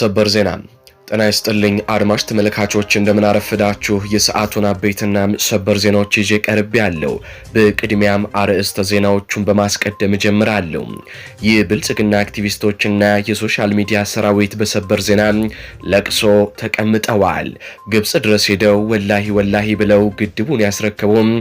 ሰበር ዜና ጤና ይስጥልኝ አድማጭ ተመልካቾች፣ እንደምናረፍዳችሁ የሰዓቱን አበይትና ሰበር ዜናዎች ይዤ ቀርብ ያለው። በቅድሚያም አርዕስተ ዜናዎቹን በማስቀደም እጀምራለሁ። የብልጽግና አክቲቪስቶችና የሶሻል ሚዲያ ሰራዊት በሰበር ዜና ለቅሶ ተቀምጠዋል። ግብጽ ድረስ ሄደው ወላሂ ወላሂ ብለው ግድቡን ያስረከቡም፣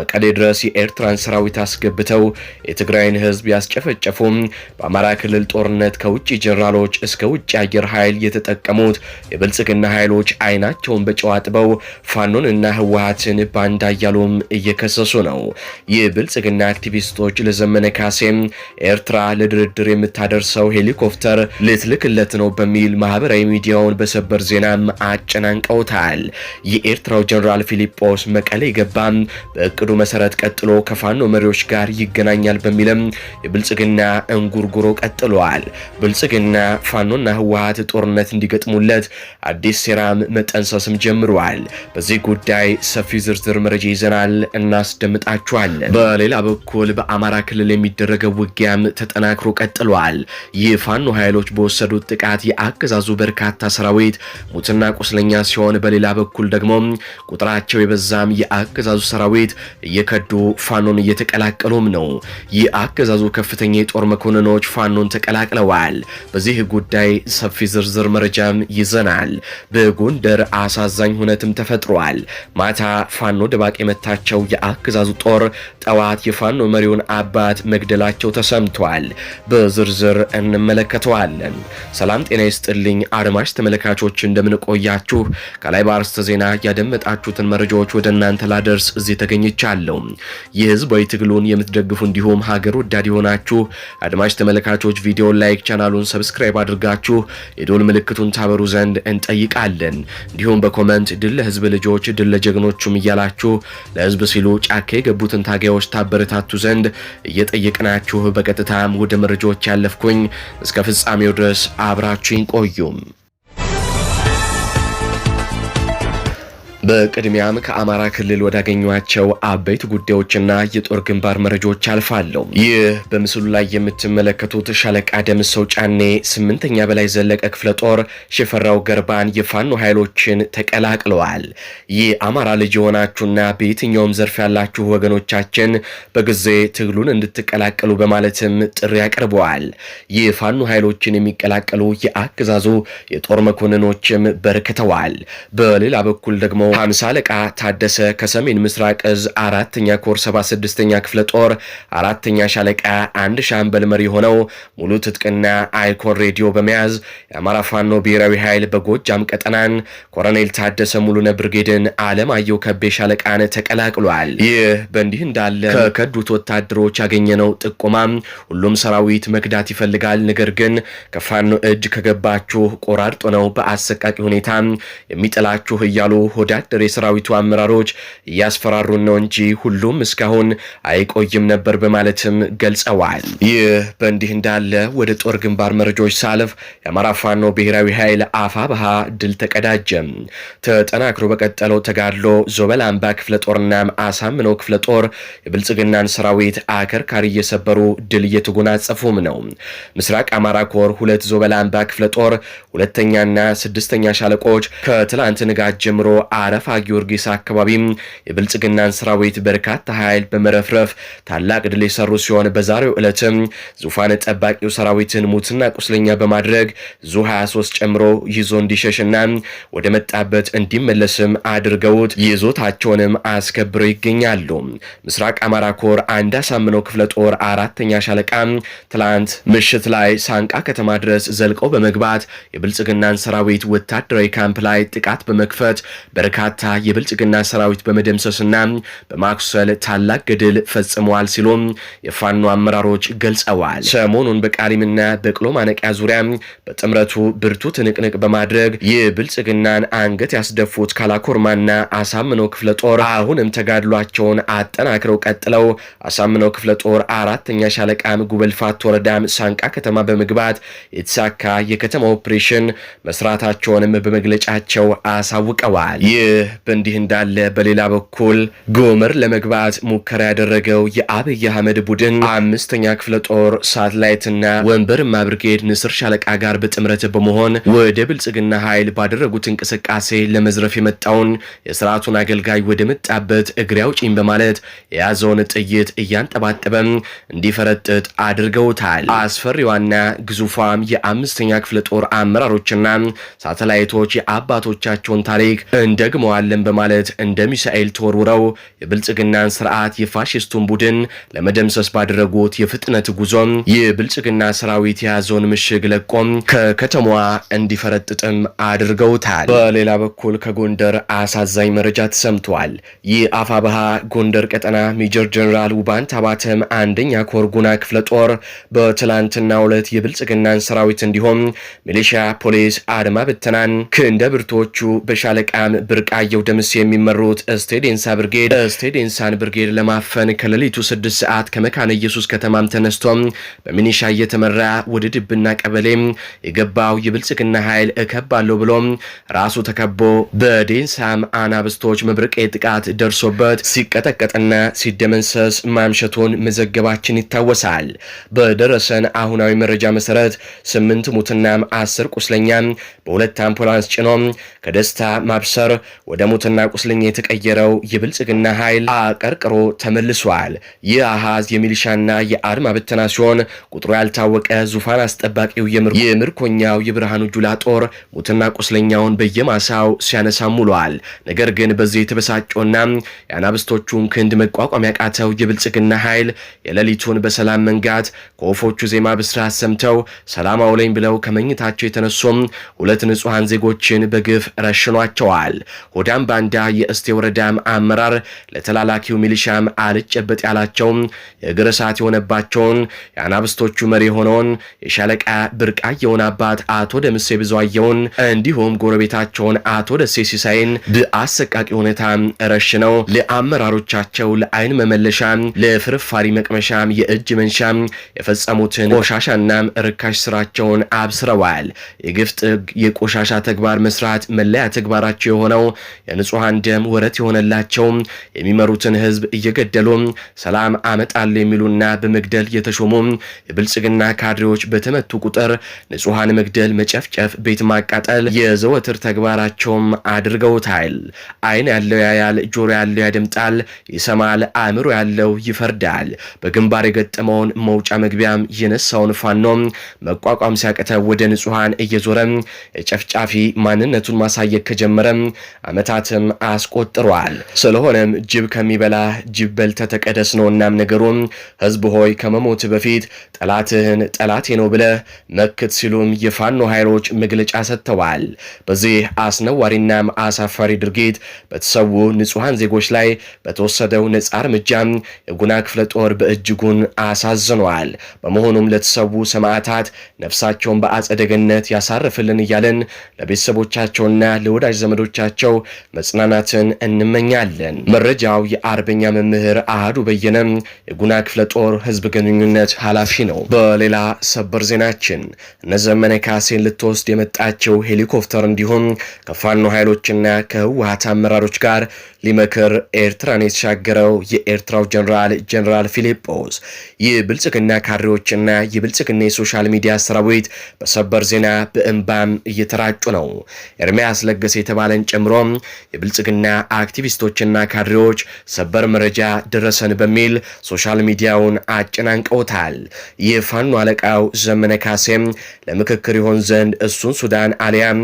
መቀሌ ድረስ የኤርትራን ሰራዊት አስገብተው የትግራይን ህዝብ ያስጨፈጨፉም፣ በአማራ ክልል ጦርነት ከውጭ ጀነራሎች እስከ ውጭ አየር ኃይል የተጠቀሙት የብልጽግና ኃይሎች አይናቸውን በጨዋጥበው ፋኖንና ህወሀትን ባንዳ እያሉም እየከሰሱ ነው። ይህ ብልጽግና አክቲቪስቶች ለዘመነ ካሴም ኤርትራ ለድርድር የምታደርሰው ሄሊኮፕተር ልትልክለት ነው በሚል ማህበራዊ ሚዲያውን በሰበር ዜናም አጨናንቀውታል። የኤርትራው ጀኔራል ፊሊጶስ መቀሌ ገባም በእቅዱ መሰረት ቀጥሎ ከፋኖ መሪዎች ጋር ይገናኛል በሚልም የብልጽግና እንጉርጉሮ ቀጥሏል። ብልጽግና ፋኖና ህወሀት ጦርነት እንዲገጥሙለት ለማስቀረት አዲስ ሴራም መጠንሰስም ጀምረዋል። በዚህ ጉዳይ ሰፊ ዝርዝር መረጃ ይዘናል፣ እናስደምጣችኋለን። በሌላ በኩል በአማራ ክልል የሚደረገው ውጊያም ተጠናክሮ ቀጥሏል። የፋኖ ኃይሎች በወሰዱት ጥቃት የአገዛዙ በርካታ ሰራዊት ሙትና ቁስለኛ ሲሆን፣ በሌላ በኩል ደግሞ ቁጥራቸው የበዛም የአገዛዙ ሰራዊት እየከዱ ፋኖን እየተቀላቀሉም ነው። የአገዛዙ ከፍተኛ የጦር መኮንኖች ፋኖን ተቀላቅለዋል። በዚህ ጉዳይ ሰፊ ዝርዝር መረጃም ይዘ ተመርዘናል። በጎንደር አሳዛኝ ሁነትም ተፈጥሯል። ማታ ፋኖ ደባቅ የመታቸው የአገዛዙ ጦር ጠዋት የፋኖ መሪውን አባት መግደላቸው ተሰምቷል። በዝርዝር እንመለከተዋለን። ሰላም ጤና ይስጥልኝ አድማጭ ተመልካቾች እንደምንቆያችሁ ከላይ በአርስተ ዜና ያደመጣችሁትን መረጃዎች ወደ እናንተ ላደርስ እዚህ ተገኝቻለሁ። የህዝባዊ ትግሉን የምትደግፉ እንዲሁም ሀገር ወዳድ የሆናችሁ አድማጭ ተመልካቾች ቪዲዮ ላይክ፣ ቻናሉን ሰብስክራይብ አድርጋችሁ የዶል ምልክቱን ታበሩ ዘንድ ዘንድ እንጠይቃለን። እንዲሁም በኮመንት ድል ለህዝብ ልጆች፣ ድል ለጀግኖቹም እያላችሁ ለህዝብ ሲሉ ጫካ የገቡትን ታጋዮች ታበረታቱ ዘንድ እየጠየቅናችሁ በቀጥታም ወደ መረጃዎች ያለፍኩኝ እስከ ፍጻሜው ድረስ አብራችሁኝ ቆዩም። በቅድሚያም ከአማራ ክልል ወዳገኟቸው አበይት ጉዳዮችና የጦር ግንባር መረጃዎች አልፋለሁ። ይህ በምስሉ ላይ የምትመለከቱት ሻለቃ ደምሰው ጫኔ ስምንተኛ በላይ ዘለቀ ክፍለ ጦር ሽፈራው ገርባን የፋኖ ኃይሎችን ተቀላቅለዋል። ይህ አማራ ልጅ የሆናችሁና በየትኛውም ዘርፍ ያላችሁ ወገኖቻችን በጊዜ ትግሉን እንድትቀላቀሉ በማለትም ጥሪ አቅርበዋል። ይህ ፋኖ ኃይሎችን የሚቀላቀሉ የአገዛዙ የጦር መኮንኖችም በርክተዋል። በሌላ በኩል ደግሞ ፋኖ ሻለቃ ታደሰ ከሰሜን ምስራቅ እዝ አራተኛ ኮር 76ኛ ክፍለ ጦር አራተኛ ሻለቃ አንድ ሻምበል መሪ የሆነው ሙሉ ትጥቅና አይኮን ሬዲዮ በመያዝ የአማራ ፋኖ ብሔራዊ ኃይል በጎጃም ቀጠናን ኮሎኔል ታደሰ ሙሉነ ብርጌድን አለማየሁ ከቤ ሻለቃን ተቀላቅሏል። ይህ በእንዲህ እንዳለ ከከዱት ወታደሮች ያገኘነው ጥቆማ ሁሉም ሰራዊት መግዳት ይፈልጋል፣ ነገር ግን ከፋኖ እጅ ከገባችሁ ቆራርጦ ነው በአሰቃቂ ሁኔታ የሚጥላችሁ እያሉ ሆዳ ወታደር የሰራዊቱ አመራሮች እያስፈራሩን ነው እንጂ ሁሉም እስካሁን አይቆይም ነበር በማለትም ገልጸዋል። ይህ በእንዲህ እንዳለ ወደ ጦር ግንባር መረጃዎች ሳለፍ የአማራ ፋኖ ብሔራዊ ኃይል አፋ ባሃ ድል ተቀዳጀም። ተጠናክሮ በቀጠለው ተጋድሎ ዞበል አምባ ክፍለ ጦርና አሳምነው ክፍለ ጦር የብልጽግናን ሰራዊት አከርካሪ እየሰበሩ ድል እየተጎናጸፉም ነው። ምስራቅ አማራ ኮር ሁለት ዞበል አምባ ክፍለ ጦር ሁለተኛና ስድስተኛ ሻለቆች ከትላንት ንጋት ጀምሮ አረ አረፋ ጊዮርጊስ አካባቢም የብልጽግናን ሰራዊት በርካታ ኃይል በመረፍረፍ ታላቅ ድል የሰሩ ሲሆን በዛሬው ዕለትም ዙፋን ጠባቂው ሰራዊትን ሙትና ቁስለኛ በማድረግ ዙ 23 ጨምሮ ይዞ እንዲሸሽና ወደ መጣበት እንዲመለስም አድርገውት ይዞታቸውንም አስከብረው ይገኛሉ። ምስራቅ አማራ ኮር አንድ አሳምነው ክፍለ ጦር አራተኛ ሻለቃ ትላንት ምሽት ላይ ሳንቃ ከተማ ድረስ ዘልቀው በመግባት የብልጽግናን ሰራዊት ወታደራዊ ካምፕ ላይ ጥቃት በመክፈት በርካ በርካታ የብልጽግና ሰራዊት በመደምሰስና በማኩሰል ታላቅ ገድል ፈጽመዋል ሲሉም የፋኖ አመራሮች ገልጸዋል። ሰሞኑን በቃሊምና በቅሎ ማነቂያ ዙሪያ በጥምረቱ ብርቱ ትንቅንቅ በማድረግ የብልጽግናን አንገት ያስደፉት ካላኮርማና አሳምነው ክፍለ ጦር አሁንም ተጋድሏቸውን አጠናክረው ቀጥለው አሳምነው ክፍለ ጦር አራተኛ ሻለቃም ጉበልፋት ወረዳም ሳንቃ ከተማ በመግባት የተሳካ የከተማ ኦፕሬሽን መስራታቸውንም በመግለጫቸው አሳውቀዋል። ይህ በእንዲህ እንዳለ በሌላ በኩል ጎመር ለመግባት ሙከራ ያደረገው የአብይ አህመድ ቡድን አምስተኛ ክፍለ ጦር ሳትላይትና ወንበርማ ብርጌድ ንስር ሻለቃ ጋር በጥምረት በመሆን ወደ ብልጽግና ኃይል ባደረጉት እንቅስቃሴ ለመዝረፍ የመጣውን የስርዓቱን አገልጋይ ወደ መጣበት እግሬ አውጪኝ በማለት የያዘውን ጥይት እያንጠባጠበም እንዲፈረጥጥ አድርገውታል። አስፈሪዋና ግዙፏም የአምስተኛ ክፍለ ጦር አመራሮችና ሳተላይቶች የአባቶቻቸውን ታሪክ እንደ እንደግመዋለን በማለት እንደ ሚሳኤል ተወርውረው የብልጽግናን ስርዓት የፋሽስቱን ቡድን ለመደምሰስ ባደረጉት የፍጥነት ጉዞም የብልጽግና ሰራዊት የያዘውን ምሽግ ለቆም ከከተማዋ እንዲፈረጥጥም አድርገውታል። በሌላ በኩል ከጎንደር አሳዛኝ መረጃ ተሰምተዋል። የአፋባሃ ጎንደር ቀጠና ሜጀር ጀኔራል ውባንት አባተም አንደኛ ኮር ጉና ክፍለ ጦር በትላንትና ሁለት የብልጽግናን ሰራዊት እንዲሁም ሚሊሻ፣ ፖሊስ፣ አድማ ብተናን ክንደ ብርቶቹ በሻለቃም ብር በወርቃየው ደምስ የሚመሩት ስቴዴንሳ ብርጌድ ስቴዴንሳን ብርጌድ ለማፈን ከሌሊቱ ስድስት ሰዓት ከመካነ ኢየሱስ ከተማም ተነስቶ በሚኒሻ እየተመራ ወደ ድብና ቀበሌ የገባው የብልጽግና ኃይል እከባለሁ ብሎ ራሱ ተከቦ በዴንሳም አናብስቶች መብረቄ ጥቃት ደርሶበት ሲቀጠቀጥና ሲደመንሰስ ማምሸቱን መዘገባችን ይታወሳል። በደረሰን አሁናዊ መረጃ መሰረት ስምንት ሙትናም አስር ቁስለኛ በሁለት አምፑላንስ ጭኖ ከደስታ ማብሰር ወደ ሞትና ቁስለኛ የተቀየረው የብልጽግና ኃይል አቀርቅሮ ተመልሷል። ይህ አሃዝ የሚሊሻና የአድማ ብተና ሲሆን ቁጥሩ ያልታወቀ ዙፋን አስጠባቂው የምርኮኛው የብርሃኑ ጁላ ጦር ሙትና ቁስለኛውን በየማሳው ሲያነሳ ሙሏል። ነገር ግን በዚህ የተበሳጨውና የአናብስቶቹን ክንድ መቋቋም ያቃተው የብልጽግና ኃይል የሌሊቱን በሰላም መንጋት ከወፎቹ ዜማ ብስራት ሰምተው ሰላም አውለኝ ብለው ከመኝታቸው የተነሱም ሁለት ንጹሐን ዜጎችን በግፍ ረሽኗቸዋል። ሆዳም ባንዳ የእስቴ ወረዳም አመራር ለተላላኪው ሚሊሻም አልጨበጥ ያላቸው የእግር እሳት የሆነባቸውን የአናብስቶቹ መሪ የሆነውን የሻለቃ ብርቃየውን አባት አቶ ደምሴ ብዙየውን እንዲሁም ጎረቤታቸውን አቶ ደሴ ሲሳይን በአሰቃቂ ሁኔታ ነው። ለአመራሮቻቸው ለአይን መመለሻ ለፍርፋሪ መቅመሻም የእጅ መንሻ የፈጸሙትን ቆሻሻና ርካሽ ስራቸውን አብስረዋል። የግፍ ጥግ የቆሻሻ ተግባር መስራት መለያ ተግባራቸው የሆነው የንጹሐን ደም ወረት የሆነላቸው የሚመሩትን ህዝብ እየገደሉ ሰላም አመጣለሁ የሚሉና በመግደል የተሾሙ የብልጽግና ካድሬዎች በተመቱ ቁጥር ንጹሐን መግደል፣ መጨፍጨፍ፣ ቤት ማቃጠል የዘወትር ተግባራቸውም አድርገውታል። አይን ያለው ያያል፣ ጆሮ ያለው ያደምጣል፣ ይሰማል፣ አእምሮ ያለው ይፈርዳል። በግንባር የገጠመውን መውጫ መግቢያም የነሳውን ፋኖ መቋቋም ሲያቅተው ወደ ንጹሐን እየዞረ የጨፍጫፊ ማንነቱን ማሳየት ከጀመረ ዓመታትም አስቆጥሯል። ስለሆነም ጅብ ከሚበላ ጅብ በልተህ ተቀደስ ነው። እናም ነገሩም ህዝብ ሆይ ከመሞት በፊት ጠላትህን ጠላቴ ነው ብለህ መክት ሲሉም የፋኖ ኃይሎች መግለጫ ሰጥተዋል። በዚህ አስነዋሪናም አሳፋሪ ድርጊት በተሰዉ ንጹሐን ዜጎች ላይ በተወሰደው ነጻ እርምጃም የጉና ክፍለ ጦር በእጅጉን አሳዝኗል። በመሆኑም ለተሰዉ ሰማዕታት ነፍሳቸውን በአጸደ ገነት ያሳርፍልን እያለን ለቤተሰቦቻቸውና ለወዳጅ ዘመዶቻቸው መጽናናትን እንመኛለን። መረጃው የአርበኛ መምህር አህዱ በየነም የጉና ክፍለ ጦር ህዝብ ግንኙነት ኃላፊ ነው። በሌላ ሰበር ዜናችን እነ ዘመነ ካሴን ልትወስድ የመጣቸው ሄሊኮፕተር እንዲሁም ከፋኖ ኃይሎችና ከህወሀት አመራሮች ጋር ሊመክር ኤርትራን የተሻገረው የኤርትራው ጀኔራል ጀኔራል ፊሊጶስ ይህ ብልጽግና ካድሬዎችና የብልጽግና የሶሻል ሚዲያ ሰራዊት በሰበር ዜና በእንባም እየተራጩ ነው። ኤርሚያስ ለገሰ የተባለን ጨምሮ የብልጽግና አክቲቪስቶችና ካድሬዎች ሰበር መረጃ ደረሰን በሚል ሶሻል ሚዲያውን አጨናንቀውታል። የፋኖ አለቃው ዘመነ ካሴም ለምክክር ይሆን ዘንድ እሱን ሱዳን አሊያም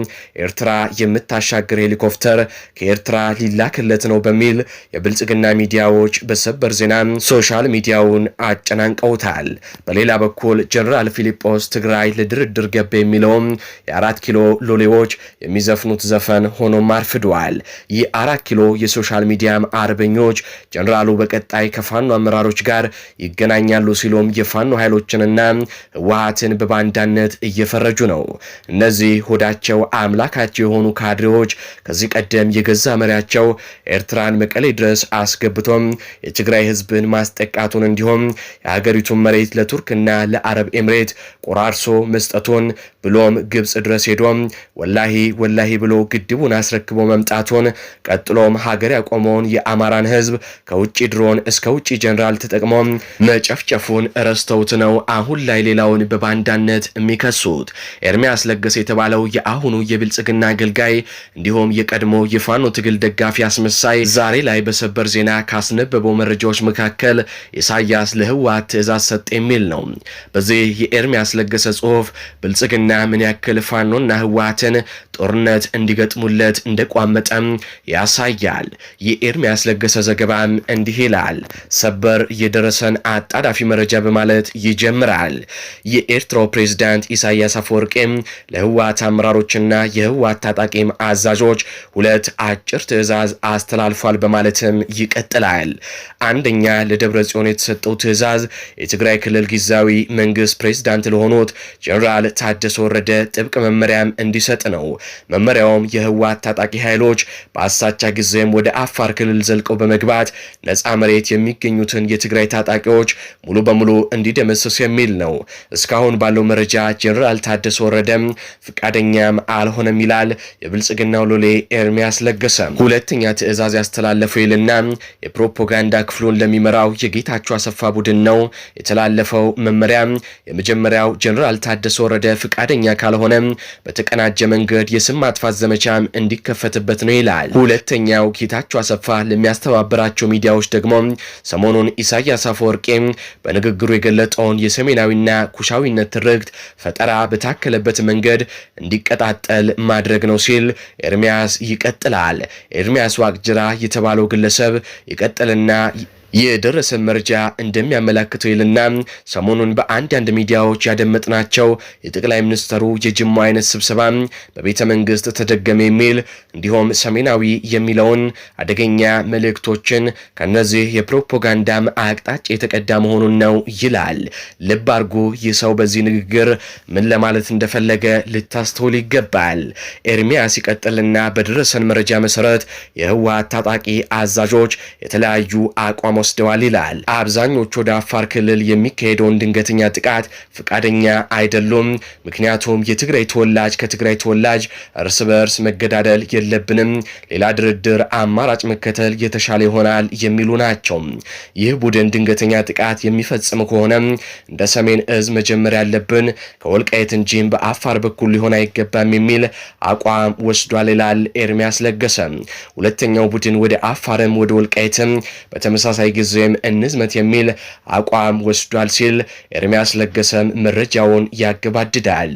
ኤርትራ የምታሻግር ሄሊኮፕተር ከኤርትራ ሊላክለት ነው በሚል የብልጽግና ሚዲያዎች በሰበር ዜና ሶሻል ሚዲያውን አጨናንቀውታል። በሌላ በኩል ጀነራል ፊሊጶስ ትግራይ ለድርድር ገባ የሚለውም የአራት ኪሎ ሎሌዎች የሚዘፍኑት ዘፈን ሆኖም አርፍዷል። ብለዋል። ይህ አራት ኪሎ የሶሻል ሚዲያም አርበኞች ጀኔራሉ በቀጣይ ከፋኖ አመራሮች ጋር ይገናኛሉ ሲሉም የፋኖ ኃይሎችንና ህወሀትን በባንዳነት እየፈረጁ ነው። እነዚህ ሆዳቸው አምላካቸው የሆኑ ካድሬዎች ከዚህ ቀደም የገዛ መሪያቸው ኤርትራን መቀሌ ድረስ አስገብቶም የትግራይ ህዝብን ማስጠቃቱን እንዲሁም የሀገሪቱን መሬት ለቱርክና ለአረብ ኤምሬት ቆራርሶ መስጠቱን ብሎም ግብፅ ድረስ ሄዶም ወላሂ ወላሂ ብሎ ግድቡን አስረክቦ መምጣቱን ቀጥሎም ሀገር ያቆመውን የአማራን ህዝብ ከውጭ ድሮን እስከ ውጭ ጀኔራል ተጠቅሞ መጨፍጨፉን ረስተውት ነው አሁን ላይ ሌላውን በባንዳነት የሚከሱት። ኤርሚያስ ለገሰ የተባለው የአሁኑ የብልጽግና አገልጋይ እንዲሁም የቀድሞ የፋኖ ትግል ደጋፊ አስመሳይ ዛሬ ላይ በሰበር ዜና ካስነበበው መረጃዎች መካከል ኢሳያስ ለህወሓት ትእዛዝ ሰጥ የሚል ነው። በዚህ የኤርሚያስ ለገሰ ጽሁፍ ብልጽግና ምን ያክል ፋኖና ህወሓትን ጦርነት እንዲገጥሙለት እንደቋመ እንዳስቀመጠም ያሳያል። የኤርሚያስ ለገሰ ዘገባም እንዲህ ይላል። ሰበር የደረሰን አጣዳፊ መረጃ በማለት ይጀምራል። የኤርትራው ፕሬዝዳንት ኢሳያስ አፈወርቄም ለህወሓት አመራሮችና የህወሓት ታጣቂም አዛዦች ሁለት አጭር ትዕዛዝ አስተላልፏል በማለትም ይቀጥላል። አንደኛ ለደብረ ጽዮን የተሰጠው ትዕዛዝ የትግራይ ክልል ጊዜያዊ መንግስት ፕሬዝዳንት ለሆኑት ጀኔራል ታደሰ ወረደ ጥብቅ መመሪያም እንዲሰጥ ነው። መመሪያውም የህወሓት ታጣቂ ኃይል ኃይሎች በአሳቻ ጊዜም ወደ አፋር ክልል ዘልቀው በመግባት ነፃ መሬት የሚገኙትን የትግራይ ታጣቂዎች ሙሉ በሙሉ እንዲደመስስ የሚል ነው። እስካሁን ባለው መረጃ ጀኔራል ታደሰ ወረደም ፈቃደኛም አልሆነም ይላል የብልጽግናው ሎሌ ኤርሚያስ ለገሰ። ሁለተኛ ትዕዛዝ ያስተላለፈው ይልና የፕሮፓጋንዳ ክፍሉን ለሚመራው የጌታቸው አሰፋ ቡድን ነው የተላለፈው መመሪያ። የመጀመሪያው ጀኔራል ታደሰ ወረደ ፈቃደኛ ካልሆነ በተቀናጀ መንገድ የስም ማጥፋት ዘመቻም እንዲከፈትበት እየተሰራበት ነው ይላል። ሁለተኛው ጌታቸው አሰፋ ለሚያስተባብራቸው ሚዲያዎች ደግሞ ሰሞኑን ኢሳያስ አፈወርቄ በንግግሩ የገለጠውን የሰሜናዊና ኩሻዊነት ትርክት ፈጠራ በታከለበት መንገድ እንዲቀጣጠል ማድረግ ነው ሲል ኤርሚያስ ይቀጥላል። ኤርሚያስ ዋቅጅራ የተባለው ግለሰብ ይቀጥልና የደረሰን መረጃ እንደሚያመላክተው ይልና ሰሞኑን በአንዳንድ ሚዲያዎች ያደመጥናቸው የጠቅላይ ሚኒስትሩ የጅማ አይነት ስብሰባ በቤተ መንግስት ተደገመ የሚል እንዲሁም ሰሜናዊ የሚለውን አደገኛ መልእክቶችን ከነዚህ የፕሮፓጋንዳ አቅጣጫ የተቀዳ መሆኑን ነው ይላል። ልብ አድርጎ ይህ ሰው በዚህ ንግግር ምን ለማለት እንደፈለገ ልታስተውል ይገባል። ኤርሚያስ ይቀጥልና በደረሰን መረጃ መሰረት የህወሓት ታጣቂ አዛዦች የተለያዩ አቋሞ ወስደዋል ይላል። አብዛኞቹ ወደ አፋር ክልል የሚካሄደውን ድንገተኛ ጥቃት ፈቃደኛ አይደሉም። ምክንያቱም የትግራይ ተወላጅ ከትግራይ ተወላጅ እርስ በእርስ መገዳደል የለብንም፣ ሌላ ድርድር አማራጭ መከተል የተሻለ ይሆናል የሚሉ ናቸው። ይህ ቡድን ድንገተኛ ጥቃት የሚፈጽም ከሆነ እንደ ሰሜን እዝ መጀመር ያለብን ከወልቃየት እንጂም በአፋር በኩል ሊሆን አይገባም የሚል አቋም ወስዷል ይላል ኤርሚያስ ለገሰ። ሁለተኛው ቡድን ወደ አፋርም ወደ ወልቃየትም በተመሳሳይ ሁልጊዜም እንዝመት የሚል አቋም ወስዷል ሲል ኤርሚያስ ለገሰም መረጃውን ያገባድዳል።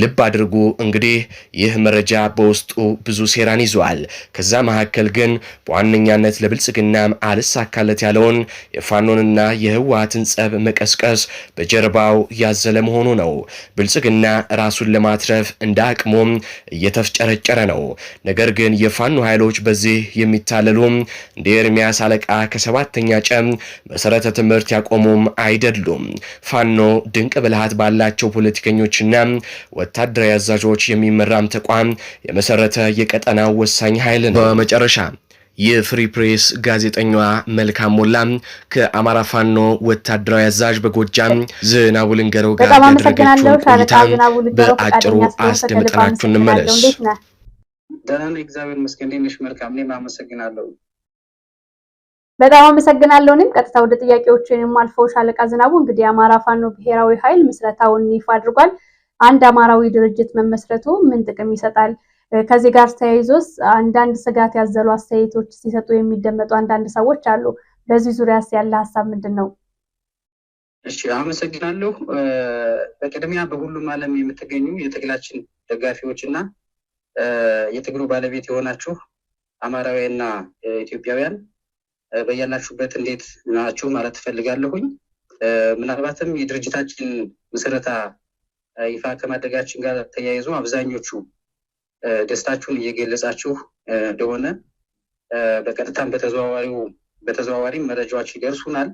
ልብ አድርጉ እንግዲህ ይህ መረጃ በውስጡ ብዙ ሴራን ይዟል። ከዛ መካከል ግን በዋነኛነት ለብልጽግና አልሳካለት ያለውን የፋኖንና የህወሓትን ጸብ መቀስቀስ በጀርባው ያዘለ መሆኑ ነው። ብልጽግና ራሱን ለማትረፍ እንደ አቅሙም እየተፍጨረጨረ ነው። ነገር ግን የፋኖ ኃይሎች በዚህ የሚታለሉ እንደ ኤርሚያስ አለቃ ከሰባተኛ እየረገጠ መሰረተ ትምህርት ያቆሙም አይደሉም። ፋኖ ድንቅ ብልሃት ባላቸው ፖለቲከኞችና ወታደራዊ አዛዦች የሚመራም ተቋም የመሰረተ የቀጠናው ወሳኝ ኃይል ነው። በመጨረሻ የፍሪ ፕሬስ ጋዜጠኛዋ መልካም ሞላ ከአማራ ፋኖ ወታደራዊ አዛዥ በጎጃም ዝናቡ ልንገረው ጋር ያደረገችውን ቆይታ በአጭሩ አስደምጠናችሁ እንመለስ። ደህና ነኝ፣ እግዚአብሔር ይመስገን። መልካም እኔም አመሰግናለሁ። በጣም አመሰግናለሁ። እኔም ቀጥታ ወደ ጥያቄዎችንም አልፎ ሻለቃ ዝናቡ እንግዲህ የአማራ ፋኖ ብሔራዊ ኃይል ምስረታውን ይፋ አድርጓል። አንድ አማራዊ ድርጅት መመስረቱ ምን ጥቅም ይሰጣል? ከዚህ ጋር ተያይዞስ አንዳንድ ስጋት ያዘሉ አስተያየቶች ሲሰጡ የሚደመጡ አንዳንድ ሰዎች አሉ። በዚህ ዙሪያስ ያለ ሀሳብ ምንድን ነው? እሺ አመሰግናለሁ። በቅድሚያ በሁሉም ዓለም የምትገኙ የትግላችን ደጋፊዎች እና የትግሉ ባለቤት የሆናችሁ አማራውያንና ኢትዮጵያውያን በያላችሁበት እንዴት ናችሁ ማለት ትፈልጋለሁኝ። ምናልባትም የድርጅታችን ምስረታ ይፋ ከማድረጋችን ጋር ተያይዞ አብዛኞቹ ደስታችሁን እየገለጻችሁ እንደሆነ በቀጥታም በተዘዋዋሪው በተዘዋዋሪም መረጃዎች ይደርሱናል።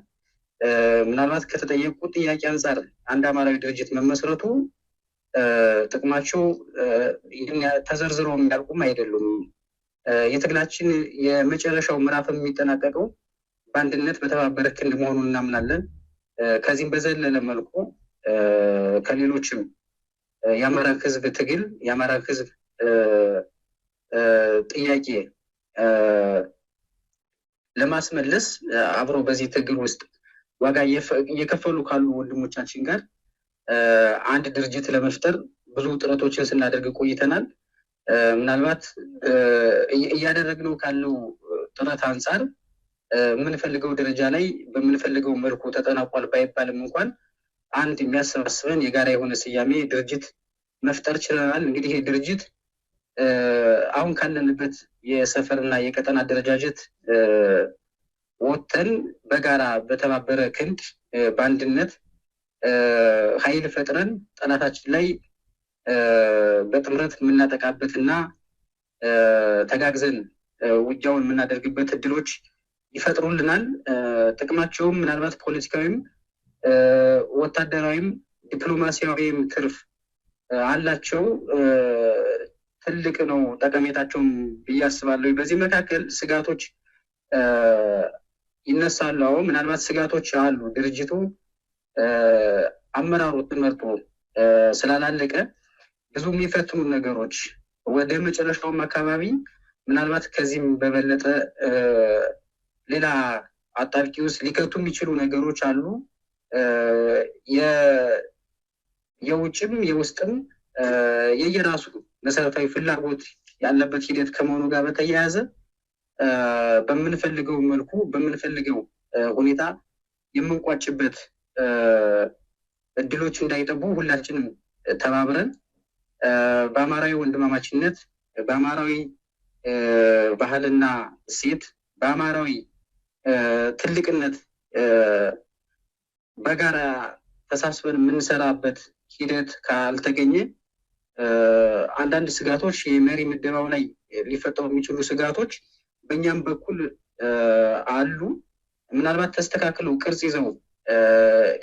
ምናልባት ከተጠየቁ ጥያቄ አንጻር አንድ አማራዊ ድርጅት መመስረቱ ጥቅማቸው ተዘርዝሮ የሚያልቁም አይደሉም። የትግላችን የመጨረሻው ምዕራፍ የሚጠናቀቀው በአንድነት በተባበረ ክንድ መሆኑን እናምናለን። ከዚህም በዘለለ መልኩ ከሌሎችም የአማራ ህዝብ ትግል የአማራ ህዝብ ጥያቄ ለማስመለስ አብሮ በዚህ ትግል ውስጥ ዋጋ እየከፈሉ ካሉ ወንድሞቻችን ጋር አንድ ድርጅት ለመፍጠር ብዙ ጥረቶችን ስናደርግ ቆይተናል። ምናልባት እያደረግነው ካለው ጥረት አንጻር የምንፈልገው ደረጃ ላይ በምንፈልገው መልኩ ተጠናቋል ባይባልም እንኳን አንድ የሚያሰባስበን የጋራ የሆነ ስያሜ ድርጅት መፍጠር ችለናል። እንግዲህ ይህ ድርጅት አሁን ካለንበት የሰፈርና የቀጠና አደረጃጀት ወጥተን በጋራ በተባበረ ክንድ በአንድነት ኃይል ፈጥረን ጠላታችን ላይ በጥምረት የምናጠቃበትና ተጋግዘን ውጊያውን የምናደርግበት እድሎች ይፈጥሩልናል። ጥቅማቸውም ምናልባት ፖለቲካዊም፣ ወታደራዊም ዲፕሎማሲያዊም ትርፍ አላቸው። ትልቅ ነው ጠቀሜታቸውም ብዬ አስባለሁ። በዚህ መካከል ስጋቶች ይነሳሉ። አዎ ምናልባት ስጋቶች አሉ። ድርጅቱ አመራሩ ትምህርቱ ስላላለቀ ህዝቡ የሚፈትኑ ነገሮች ወደ መጨረሻውም አካባቢ ምናልባት ከዚህም በበለጠ ሌላ አጣብቂ ውስጥ ሊከቱ የሚችሉ ነገሮች አሉ። የውጭም የውስጥም የየራሱ መሰረታዊ ፍላጎት ያለበት ሂደት ከመሆኑ ጋር በተያያዘ በምንፈልገው መልኩ በምንፈልገው ሁኔታ የምንቋጭበት እድሎች እንዳይጠቡ ሁላችንም ተባብረን በአማራዊ ወንድማማችነት፣ በአማራዊ ባህልና እሴት፣ በአማራዊ ትልቅነት በጋራ ተሳስበን የምንሰራበት ሂደት ካልተገኘ አንዳንድ ስጋቶች የመሪ ምደባው ላይ ሊፈጠሩ የሚችሉ ስጋቶች በእኛም በኩል አሉ። ምናልባት ተስተካክለው ቅርጽ ይዘው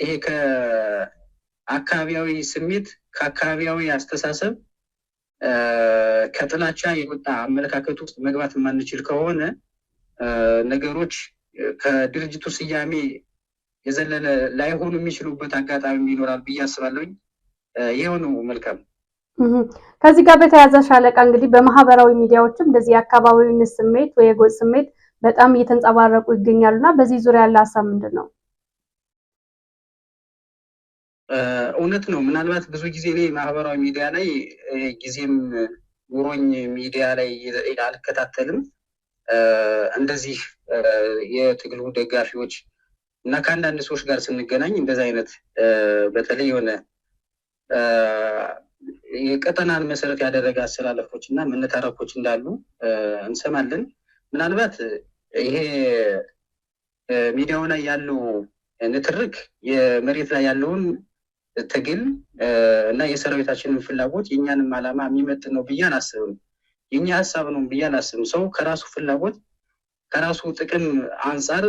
ይሄ አካባቢያዊ ስሜት ከአካባቢያዊ አስተሳሰብ ከጥላቻ የወጣ አመለካከት ውስጥ መግባት የማንችል ከሆነ ነገሮች ከድርጅቱ ስያሜ የዘለለ ላይሆኑ የሚችሉበት አጋጣሚ ይኖራል ብዬ አስባለሁኝ። ይኸው ነው። መልካም። ከዚህ ጋር በተያያዘ ሻለቃ እንግዲህ በማህበራዊ ሚዲያዎችም እንደዚህ የአካባቢዊነት ስሜት ወይ የጎጥ ስሜት በጣም እየተንጸባረቁ ይገኛሉ እና በዚህ ዙሪያ ያለ ሀሳብ ምንድን ነው? እውነት ነው። ምናልባት ብዙ ጊዜ እኔ ማህበራዊ ሚዲያ ላይ ጊዜም ውሮኝ ሚዲያ ላይ አልከታተልም። እንደዚህ የትግሉ ደጋፊዎች እና ከአንዳንድ ሰዎች ጋር ስንገናኝ እንደዚህ አይነት በተለይ የሆነ የቀጠናን መሰረት ያደረገ አሰላለፎች እና መነታረኮች እንዳሉ እንሰማለን። ምናልባት ይሄ ሚዲያው ላይ ያለው ንትርክ የመሬት ላይ ያለውን ትግል እና የሰራዊታችንን ፍላጎት የእኛንም ዓላማ የሚመጥ ነው ብዬ አላስብም። የእኛ ሀሳብ ነው ብዬ አላስብም። ሰው ከራሱ ፍላጎት ከራሱ ጥቅም አንጻር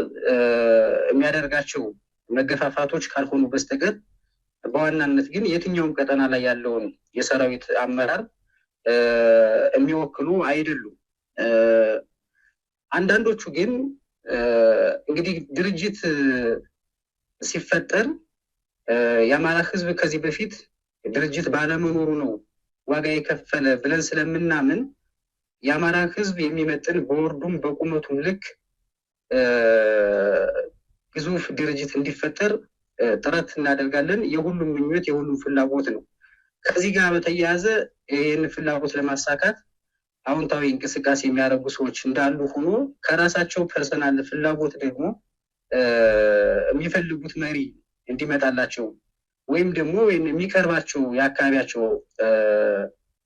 የሚያደርጋቸው መገፋፋቶች ካልሆኑ በስተቀር በዋናነት ግን የትኛውም ቀጠና ላይ ያለውን የሰራዊት አመራር የሚወክሉ አይደሉም። አንዳንዶቹ ግን እንግዲህ ድርጅት ሲፈጠር የአማራ ህዝብ ከዚህ በፊት ድርጅት ባለመኖሩ ነው ዋጋ የከፈለ ብለን ስለምናምን የአማራ ህዝብ የሚመጥን በወርዱም በቁመቱም ልክ ግዙፍ ድርጅት እንዲፈጠር ጥረት እናደርጋለን። የሁሉም ምኞት የሁሉም ፍላጎት ነው። ከዚህ ጋር በተያያዘ ይህን ፍላጎት ለማሳካት አዎንታዊ እንቅስቃሴ የሚያደርጉ ሰዎች እንዳሉ ሆኖ ከራሳቸው ፐርሰናል ፍላጎት ደግሞ የሚፈልጉት መሪ እንዲመጣላቸው ወይም ደግሞ የሚቀርባቸው የአካባቢያቸው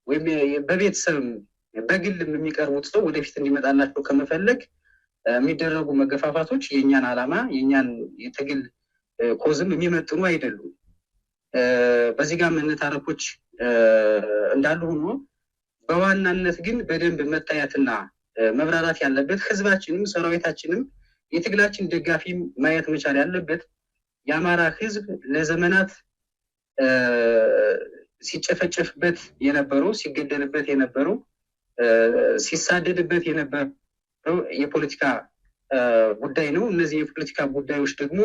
ወይም በቤተሰብ በግልም የሚቀርቡት ሰው ወደፊት እንዲመጣላቸው ከመፈለግ የሚደረጉ መገፋፋቶች የእኛን አላማ የእኛን የትግል ኮዝም የሚመጥኑ አይደሉም። በዚህ ጋር መነታረኮች እንዳሉ ሆኖ በዋናነት ግን በደንብ መታየትና መብራራት ያለበት ህዝባችንም ሰራዊታችንም የትግላችን ደጋፊ ማየት መቻል ያለበት የአማራ ህዝብ ለዘመናት ሲጨፈጨፍበት የነበረው ሲገደልበት የነበረው ሲሳደድበት የነበረው የፖለቲካ ጉዳይ ነው። እነዚህ የፖለቲካ ጉዳዮች ደግሞ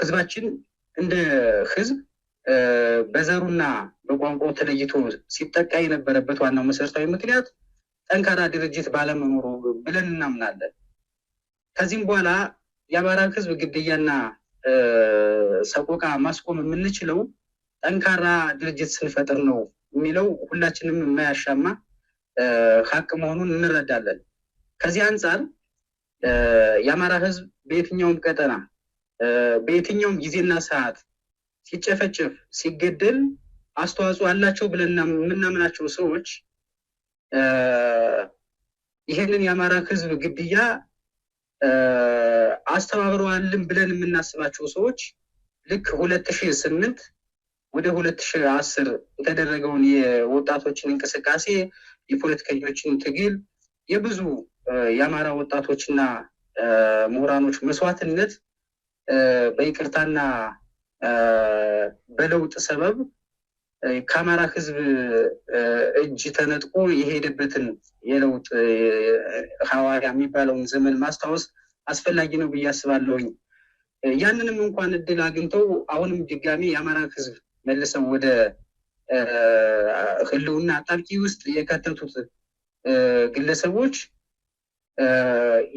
ህዝባችን እንደ ህዝብ በዘሩና በቋንቋው ተለይቶ ሲጠቃ የነበረበት ዋናው መሰረታዊ ምክንያት ጠንካራ ድርጅት ባለመኖሩ ብለን እናምናለን። ከዚህም በኋላ የአማራ ህዝብ ግድያና ሰቆቃ ማስቆም የምንችለው ጠንካራ ድርጅት ስንፈጥር ነው የሚለው ሁላችንም የማያሻማ ሀቅ መሆኑን እንረዳለን። ከዚህ አንጻር የአማራ ህዝብ በየትኛውም ቀጠና በየትኛውም ጊዜና ሰዓት ሲጨፈጭፍ፣ ሲገደል አስተዋጽኦ አላቸው ብለን የምናምናቸው ሰዎች ይህንን የአማራ ህዝብ ግድያ አስተባብረዋልን ብለን የምናስባቸው ሰዎች ልክ ሁለት ሺ ስምንት ወደ ሁለት ሺ አስር የተደረገውን የወጣቶችን እንቅስቃሴ የፖለቲከኞችን ትግል የብዙ የአማራ ወጣቶችና ምሁራኖች መስዋዕትነት በይቅርታና በለውጥ ሰበብ ከአማራ ህዝብ እጅ ተነጥቆ የሄደበትን የለውጥ ሐዋርያ የሚባለውን ዘመን ማስታወስ አስፈላጊ ነው ብዬ አስባለሁኝ። ያንንም እንኳን እድል አግኝተው አሁንም ድጋሚ የአማራ ህዝብ መልሰው ወደ ህልውና ጣብቂ ውስጥ የከተቱት ግለሰቦች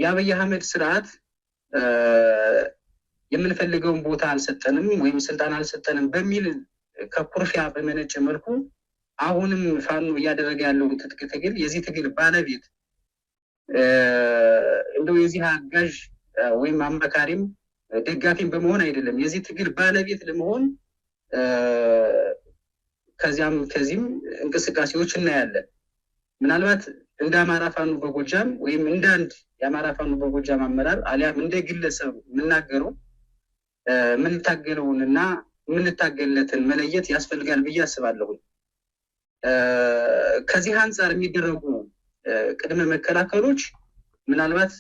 የአብይ አህመድ ስርዓት የምንፈልገውን ቦታ አልሰጠንም ወይም ስልጣን አልሰጠንም በሚል ከኩርፊያ በመነጨ መልኩ አሁንም ፋኖ እያደረገ ያለውን ትጥቅ ትግል የዚህ ትግል ባለቤት እንደው የዚህ አጋዥ ወይም አማካሪም ደጋፊም በመሆን አይደለም። የዚህ ትግል ባለቤት ለመሆን ከዚያም ከዚህም እንቅስቃሴዎች እናያለን። ምናልባት እንደ አማራ ፋኑ በጎጃም ወይም እንደ አንድ የአማራ ፋኑ በጎጃም አመራር አሊያም እንደ ግለሰብ የምናገረው የምንታገለውን እና የምንታገልለትን መለየት ያስፈልጋል ብዬ አስባለሁኝ። ከዚህ አንጻር የሚደረጉ ቅድመ መከላከሎች ምናልባት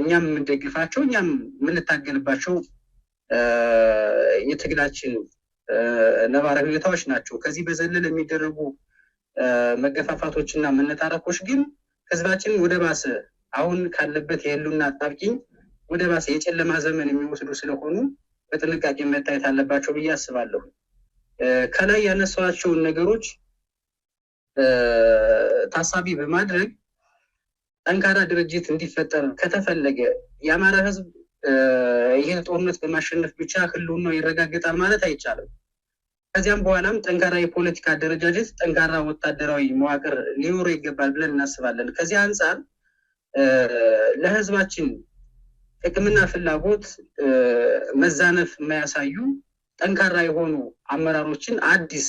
እኛም የምንደግፋቸው እኛም የምንታገልባቸው የትግላችን ነባራዊ ሁኔታዎች ናቸው። ከዚህ በዘለል የሚደረጉ መገፋፋቶችና መነታረኮች ግን ህዝባችን ወደ ባሰ አሁን ካለበት የህሉና ጣብቂኝ ወደ ባሰ የጨለማ ዘመን የሚወስዱ ስለሆኑ በጥንቃቄ መታየት አለባቸው ብዬ አስባለሁ። ከላይ ያነሳቸውን ነገሮች ታሳቢ በማድረግ ጠንካራ ድርጅት እንዲፈጠር ከተፈለገ የአማራ ህዝብ ይህን ጦርነት በማሸነፍ ብቻ ህልውናው ይረጋገጣል ማለት አይቻልም። ከዚያም በኋላም ጠንካራ የፖለቲካ አደረጃጀት፣ ጠንካራ ወታደራዊ መዋቅር ሊኖረው ይገባል ብለን እናስባለን። ከዚህ አንጻር ለህዝባችን ጥቅምና ፍላጎት መዛነፍ የማያሳዩ ጠንካራ የሆኑ አመራሮችን አዲስ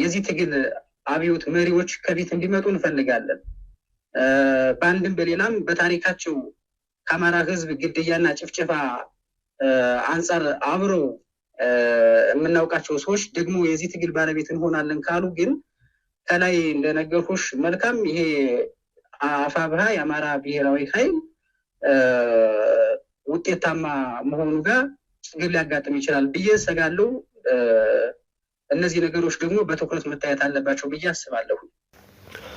የዚህ ትግል አብዮት መሪዎች ከፊት እንዲመጡ እንፈልጋለን። በአንድም በሌላም በታሪካቸው ከአማራ ህዝብ ግድያና ጭፍጨፋ አንጻር አብረው የምናውቃቸው ሰዎች ደግሞ የዚህ ትግል ባለቤት እንሆናለን ካሉ ግን ከላይ እንደነገርኩሽ መልካም ይሄ አፋብሃ የአማራ ብሔራዊ ኃይል ውጤታማ መሆኑ ጋር ችግር ሊያጋጥም ይችላል ብዬ ሰጋለሁ። እነዚህ ነገሮች ደግሞ በትኩረት መታየት አለባቸው ብዬ አስባለሁ።